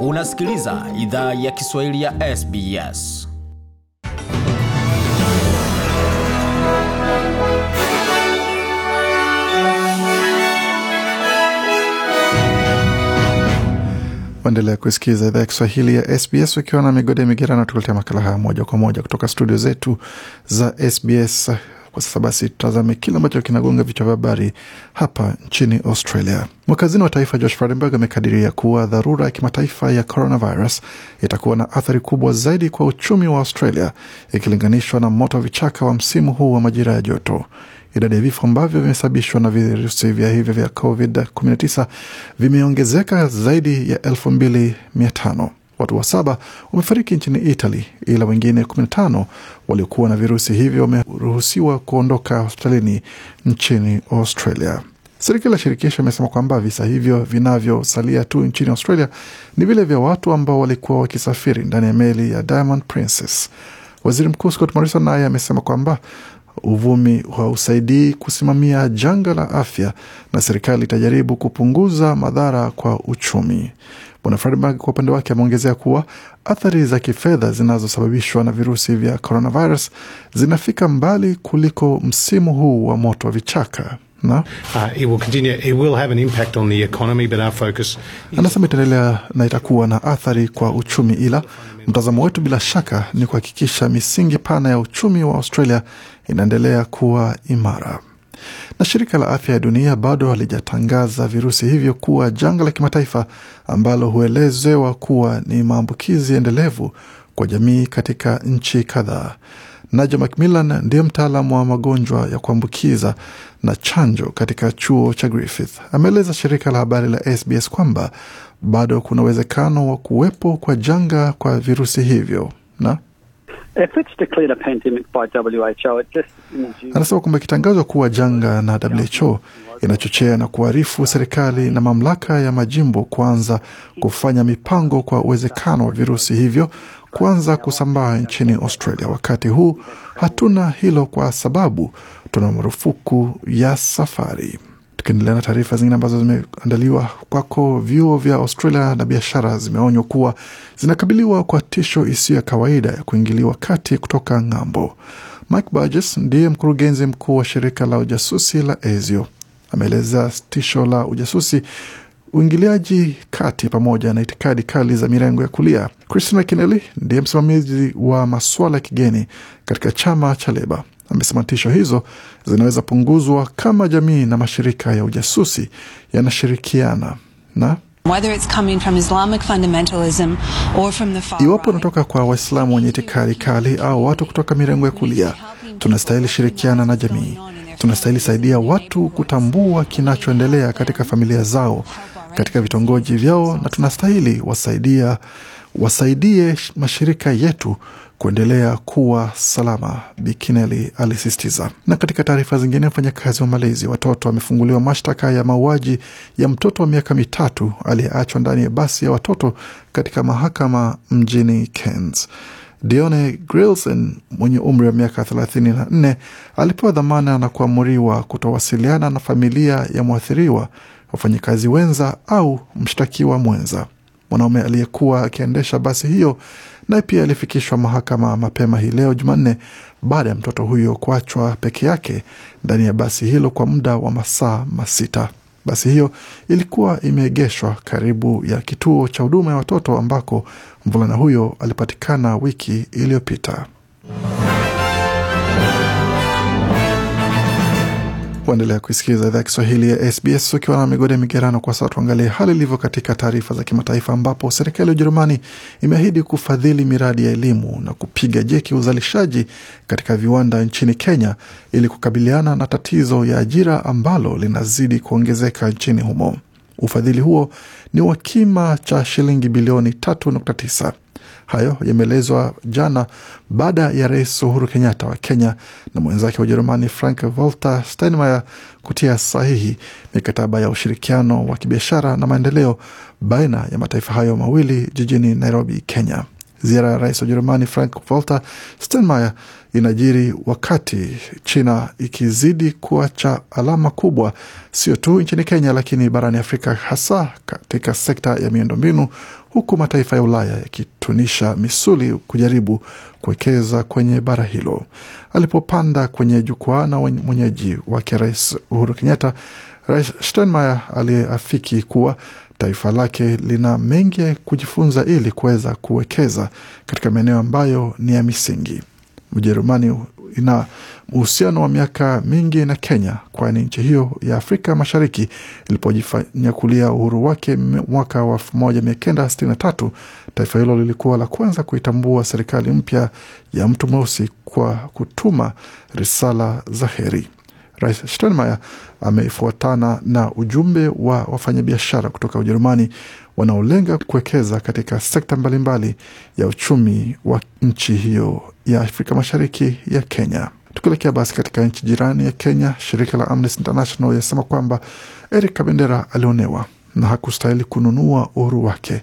Unasikiliza idhaa ya Kiswahili ya SBS. Endelea kusikiliza idhaa ya Kiswahili ya SBS ukiwa na migode migerano, tukuletea makala haya moja kwa moja kutoka studio zetu za SBS kwa sasa basi, tutazame kile ambacho kinagonga vichwa vya habari hapa nchini Australia. Mwakazini wa taifa Josh Frydenberg amekadiria kuwa dharura ya kimataifa ya coronavirus itakuwa na athari kubwa zaidi kwa uchumi wa Australia ikilinganishwa na moto wa vichaka wa msimu huu wa majira ya joto. Idadi ya vifo ambavyo vimesababishwa na virusi vya hivyo vya COVID-19 vimeongezeka zaidi ya elfu mbili mia tano. Watu wa saba wamefariki nchini Italy, ila wengine 15 waliokuwa na virusi hivyo wameruhusiwa kuondoka hospitalini nchini Australia. Serikali ya shirikisho imesema kwamba visa hivyo vinavyosalia tu nchini Australia ni vile vya watu ambao walikuwa wakisafiri ndani ya meli ya Diamond Princess. Waziri Mkuu Scott Morrison naye amesema kwamba uvumi hausaidii kusimamia janga la afya na serikali itajaribu kupunguza madhara kwa uchumi. Bwana Frydenberg kwa upande wake ameongezea kuwa athari za kifedha zinazosababishwa na virusi vya coronavirus zinafika mbali kuliko msimu huu wa moto wa vichaka. Uh, anasema itaendelea na itakuwa na athari kwa uchumi, ila mtazamo wetu bila shaka ni kuhakikisha misingi pana ya uchumi wa Australia inaendelea kuwa imara. Na shirika la afya ya dunia bado halijatangaza virusi hivyo kuwa janga la kimataifa ambalo huelezewa kuwa ni maambukizi endelevu kwa jamii katika nchi kadhaa. Naja Macmillan ndiye mtaalamu wa magonjwa ya kuambukiza na chanjo katika chuo cha Griffith. Ameeleza shirika la habari la SBS kwamba bado kuna uwezekano wa kuwepo kwa janga kwa virusi hivyo na Anasema kwamba ikitangazwa kuwa janga na WHO inachochea na kuarifu serikali na mamlaka ya majimbo kuanza kufanya mipango kwa uwezekano wa virusi hivyo kuanza kusambaa nchini Australia. Wakati huu hatuna hilo kwa sababu tuna marufuku ya safari. Tukiendelea na taarifa zingine ambazo zimeandaliwa kwako, vyuo vya Australia na biashara zimeonywa kuwa zinakabiliwa kwa tisho isiyo ya kawaida ya kuingiliwa kati kutoka ng'ambo. Mike Burgess ndiye mkurugenzi mkuu wa shirika la ujasusi la ASIO, ameeleza tisho la ujasusi uingiliaji kati pamoja na itikadi kali za mirengo ya kulia. Christina Kineli ndiye msimamizi wa masuala ya kigeni katika chama cha Leba. Amesema tisho hizo zinaweza punguzwa kama jamii na mashirika ya ujasusi yanashirikiana na iwapo unatoka kwa Waislamu wenye itikadi kali au watu kutoka mirengo ya kulia, tunastahili shirikiana na jamii. Tunastahili saidia watu kutambua kinachoendelea katika familia zao, katika vitongoji vyao, na tunastahili wasaidia wasaidie mashirika yetu kuendelea kuwa salama, Bikineli alisisitiza. Na katika taarifa zingine, mfanyakazi wa malezi watoto amefunguliwa mashtaka ya mauaji ya mtoto wa miaka mitatu aliyeachwa ndani ya basi ya watoto katika mahakama mjini Cairns. Dione Grilson mwenye umri wa miaka 34 alipewa dhamana na kuamuriwa kutowasiliana na familia ya mwathiriwa, wafanyakazi wenza au mshtakiwa mwenza. Mwanaume aliyekuwa akiendesha basi hiyo naye pia alifikishwa mahakama mapema hii leo Jumanne baada ya mtoto huyo kuachwa peke yake ndani ya basi hilo kwa muda wa masaa masita. Basi hiyo ilikuwa imeegeshwa karibu ya kituo cha huduma ya watoto ambako mvulana huyo alipatikana wiki iliyopita. kuendelea kuisikiliza idhaa Kiswahili ya SBS ukiwa na migodi ya migerano. Kwa sasa tuangalie hali ilivyo katika taarifa za kimataifa, ambapo serikali ya Ujerumani imeahidi kufadhili miradi ya elimu na kupiga jeki uzalishaji katika viwanda nchini Kenya ili kukabiliana na tatizo ya ajira ambalo linazidi kuongezeka nchini humo. Ufadhili huo ni wa kima cha shilingi bilioni 3.9. Hayo yameelezwa jana baada ya Rais Uhuru Kenyatta wa Kenya na mwenzake wa Ujerumani Frank Walter Steinmeier kutia sahihi mikataba ya ushirikiano wa kibiashara na maendeleo baina ya mataifa hayo mawili jijini Nairobi, Kenya. Ziara ya rais wa Ujerumani Frank Walter Steinmeier inajiri wakati China ikizidi kuacha alama kubwa, sio tu nchini Kenya, lakini barani Afrika, hasa katika sekta ya miundombinu, huku mataifa ya Ulaya yakitunisha misuli kujaribu kuwekeza kwenye bara hilo. Alipopanda kwenye jukwaa na mwenyeji wake Rais Uhuru Kenyatta, Rais Steinmeier aliyeafiki kuwa taifa lake lina mengi ya kujifunza ili kuweza kuwekeza katika maeneo ambayo ni ya misingi. Ujerumani ina uhusiano wa miaka mingi na Kenya, kwani nchi hiyo ya Afrika Mashariki ilipojifanyakulia uhuru wake mwaka wa 1963 taifa hilo lilikuwa la kwanza kuitambua serikali mpya ya mtu mweusi kwa kutuma risala za heri. Rais Steinmeier amefuatana na ujumbe wa wafanyabiashara kutoka Ujerumani wanaolenga kuwekeza katika sekta mbalimbali ya uchumi wa nchi hiyo ya Afrika Mashariki ya Kenya. Tukielekea basi katika nchi jirani ya Kenya, shirika la Amnesty International yasema kwamba Eric Kabendera alionewa na hakustahili kununua uhuru wake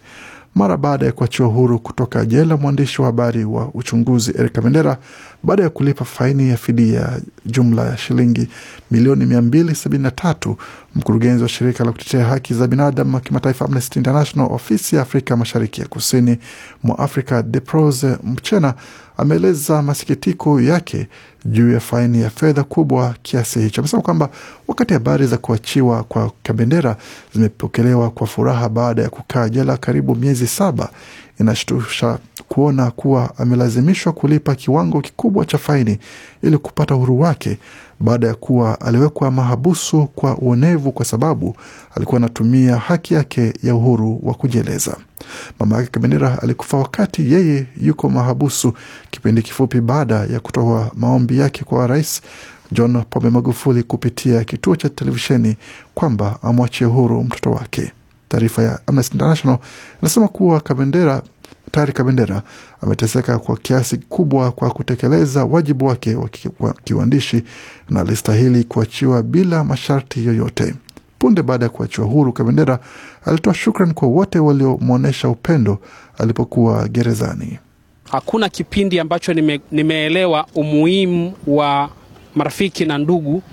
mara baada ya kuachiwa huru kutoka jela mwandishi wa habari wa uchunguzi erika mendera baada ya kulipa faini ya fidia jumla ya shilingi milioni 273. Mkurugenzi wa shirika la kutetea haki za binadamu wa kimataifa Amnesty International ofisi ya Afrika Mashariki ya kusini mwa Afrika Deprose Mchena ameeleza masikitiko yake juu ya faini ya fedha kubwa kiasi hicho. Amesema kwamba wakati habari za kuachiwa kwa Kabendera zimepokelewa kwa furaha baada ya kukaa jela karibu miezi saba, inashtusha kuona kuwa amelazimishwa kulipa kiwango kikubwa cha faini ili kupata uhuru wake baada ya kuwa aliwekwa mahabusu kwa uonevu kwa sababu alikuwa anatumia haki yake ya uhuru wa kujieleza. Mama yake Kabendera alikufa wakati yeye yuko mahabusu, kipindi kifupi baada ya kutoa maombi yake kwa Rais John Pombe Magufuli kupitia kituo cha televisheni kwamba amwachie uhuru mtoto wake. Taarifa ya Amnesty International inasema kuwa Kabendera Daktari Kabendera ameteseka kwa kiasi kubwa kwa kutekeleza wajibu wake wa kiuandishi na alistahili kuachiwa bila masharti yoyote. Punde baada ya kuachiwa huru, Kabendera alitoa shukran kwa wote waliomwonyesha upendo alipokuwa gerezani. Hakuna kipindi ambacho nime, nimeelewa umuhimu wa marafiki na ndugu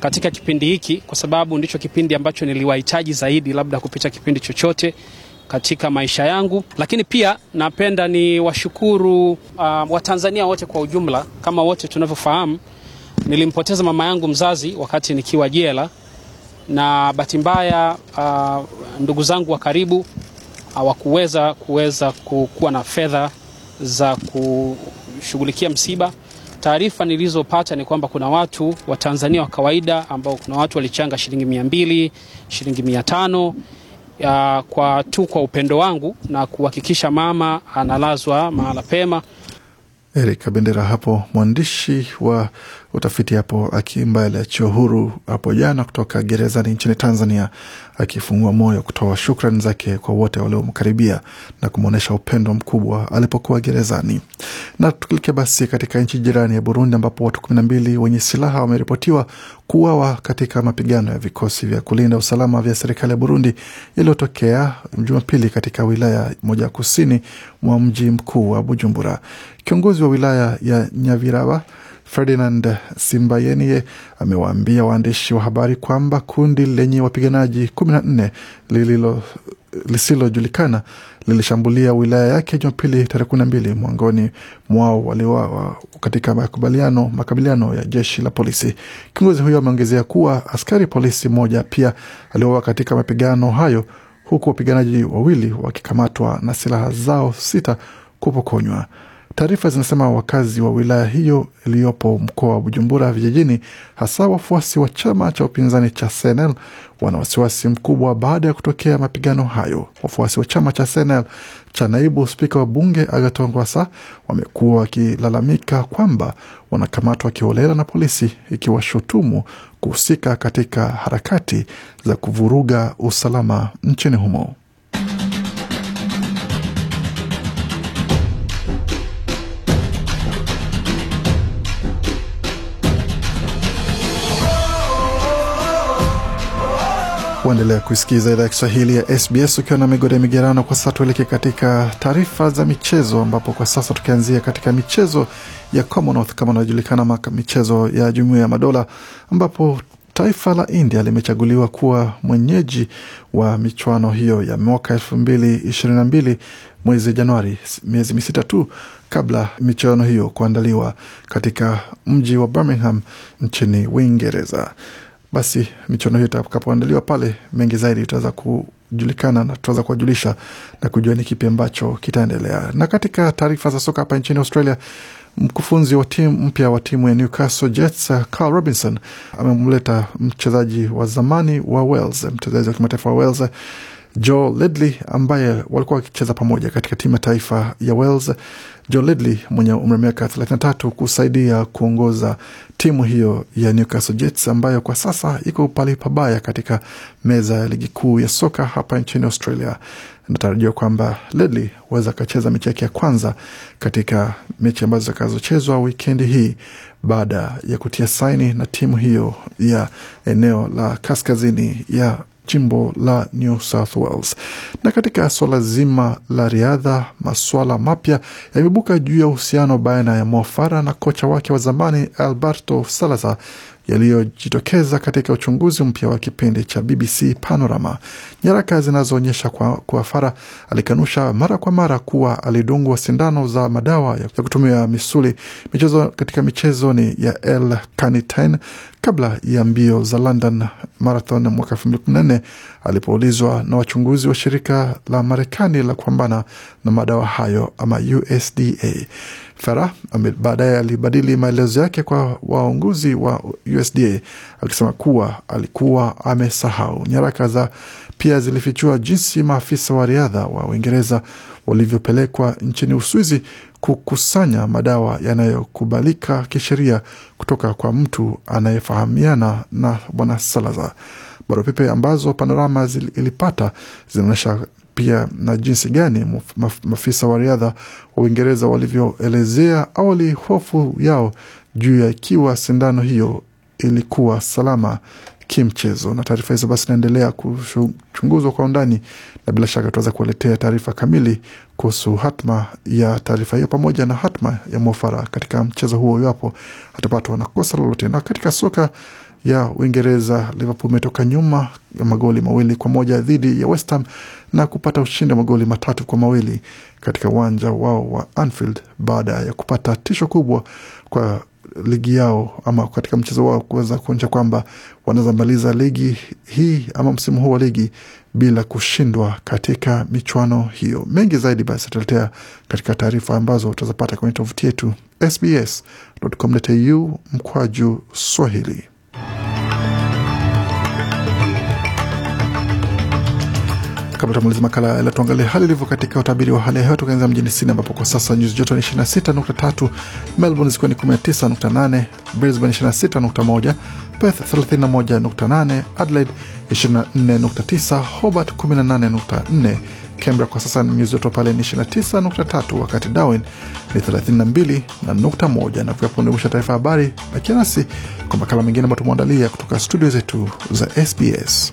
katika kipindi hiki, kwa sababu ndicho kipindi ambacho niliwahitaji zaidi labda kupita kipindi chochote katika maisha yangu, lakini pia napenda ni washukuru uh, Watanzania wote kwa ujumla. Kama wote tunavyofahamu, nilimpoteza mama yangu mzazi wakati nikiwa jela, na bahati mbaya uh, ndugu zangu wa karibu hawakuweza kuweza kuwa na fedha za kushughulikia msiba. Taarifa nilizopata ni kwamba kuna watu wa Tanzania wa kawaida ambao kuna watu walichanga shilingi mia mbili, shilingi mia tano ya kwa tu kwa upendo wangu na kuhakikisha mama analazwa mahala pema. Erika Kabendera hapo mwandishi wa utafiti hapo akiimba aliachiwa huru hapo jana kutoka gerezani nchini Tanzania, akifungua moyo kutoa shukrani zake kwa wote waliomkaribia na kumwonyesha upendo mkubwa alipokuwa gerezani. Na tukilike basi katika nchi jirani ya Burundi ambapo watu kumi na mbili wenye silaha wameripotiwa kuuawa katika mapigano ya vikosi vya kulinda usalama vya serikali ya Burundi yaliyotokea Jumapili katika wilaya moja kusini mwa mji mkuu wa Bujumbura. Kiongozi wa wilaya ya Nyavirawa Ferdinand Simbayeniye amewaambia waandishi wa habari kwamba kundi lenye wapiganaji kumi na nne lililo lisilojulikana lilishambulia wilaya yake Jumapili tarehe kumi na mbili. Mwangoni mwao waliwawa katika makubaliano makabiliano ya jeshi la polisi. Kiongozi huyo ameongezea kuwa askari polisi mmoja pia aliwawa katika mapigano hayo, huku wapiganaji wawili wakikamatwa na silaha zao sita kupokonywa. Taarifa zinasema wakazi wa wilaya hiyo iliyopo mkoa wa Bujumbura vijijini, hasa wafuasi wa chama cha upinzani cha CNL wana wasiwasi mkubwa baada ya kutokea mapigano hayo. Wafuasi wa chama cha CNL cha naibu spika wa bunge agatongwasa wamekuwa wakilalamika kwamba wanakamatwa kiholela na polisi, ikiwashutumu kuhusika katika harakati za kuvuruga usalama nchini humo. kuendelea kuisikiza idhaa ya Kiswahili ya SBS ukiwa na migode ya migerano. Kwa sasa tuelekee katika taarifa za michezo, ambapo kwa sasa tukianzia katika michezo ya Commonwealth kama inayojulikana, michezo ya Jumuiya ya Madola, ambapo taifa la India limechaguliwa kuwa mwenyeji wa michuano hiyo ya mwaka elfu mbili ishirini na mbili mwezi Januari, miezi misita tu kabla michuano hiyo kuandaliwa katika mji wa Birmingham nchini Uingereza basi michuano hiyo itakapoandaliwa pale, mengi zaidi tutaweza kujulikana na tutaweza kuwajulisha na kujua ni kipi ambacho kitaendelea. Na katika taarifa za soka hapa nchini Australia, mkufunzi wa timu mpya wa timu ya Newcastle Jets Carl Robinson amemleta mchezaji wa zamani wa Wales, mchezaji wa kimataifa wa Wales Joe Ledley ambaye walikuwa wakicheza pamoja katika timu ya taifa ya Wales. Joe Ledley mwenye umri wa miaka 33 kusaidia kuongoza timu hiyo ya Newcastle Jets ambayo kwa sasa iko pale pabaya katika meza ya ligi kuu ya soka hapa nchini Australia. natarajia kwamba Ledley waweza akacheza mechi yake ya kwanza katika mechi ambazo zitakazochezwa wikendi hii baada ya kutia saini na timu hiyo ya eneo la kaskazini ya jimbo la New South Wales. Na katika swala zima la riadha, maswala mapya yamebuka juu ya uhusiano baina ya mwafara na kocha wake wa zamani Alberto Salazar yaliyojitokeza katika uchunguzi mpya wa kipindi cha BBC Panorama. Nyaraka zinazoonyesha kwa, kwa alikanusha mara kwa mara kuwa alidungwa sindano za madawa ya kutumia misuli michezo katika michezoni ya El Canitine kabla ya mbio za London Marathon mwaka nne alipoulizwa na wachunguzi wa shirika la Marekani la kupambana na madawa hayo ama USDA. Fara baadaye alibadili maelezo yake kwa waongozi wa USDA akisema kuwa alikuwa amesahau. Nyaraka za pia zilifichua jinsi maafisa wa riadha wa Uingereza walivyopelekwa nchini Uswizi kukusanya madawa yanayokubalika kisheria kutoka kwa mtu anayefahamiana na Bwana Salazar. Barua pepe ambazo Panorama ilipata zinaonyesha pia na jinsi gani maafisa wa riadha wa Uingereza walivyoelezea awali hofu yao juu ya ikiwa sindano hiyo ilikuwa salama kimchezo. Na taarifa hizo basi inaendelea kuchunguzwa kwa undani, na bila shaka tutaweza kuwaletea taarifa kamili kuhusu hatma ya taarifa hiyo pamoja na hatma ya Mofara katika mchezo huo, iwapo atapatwa na kosa lolote. Na katika soka ya Uingereza, Liverpool imetoka nyuma ya magoli mawili kwa moja dhidi ya West Ham na kupata ushindi wa magoli matatu kwa mawili katika uwanja wao wa Anfield baada ya kupata tisho kubwa kwa ligi yao ama katika mchezo wao kuweza kuonyesha kwamba wanaweza maliza ligi hii ama msimu huu wa ligi bila kushindwa katika michuano hiyo. Mengi zaidi basi ataletea katika taarifa ambazo utazapata kwenye tovuti yetu sbs.com.au mkwaju Swahili. Kabla tumaliza makala la tuangalie hali ilivyo katika utabiri wa hali ya hewa, tukianza mjini Sydney ambapo kwa sasa nyuzi joto ni 26.3, Melbourne zikiwa ni 19.8, Brisbane 26.1, Perth 31.8, Adelaide 24.9, Hobart 18.4, Canberra kwa sasa ni nyuzi joto pale ni 29.3, wakati Darwin ni 32 na nukta moja. Na fika punde mwisho taarifa habari. Bakia nasi kwa makala mengine ambayo tumeandalia kutoka studio zetu za SBS.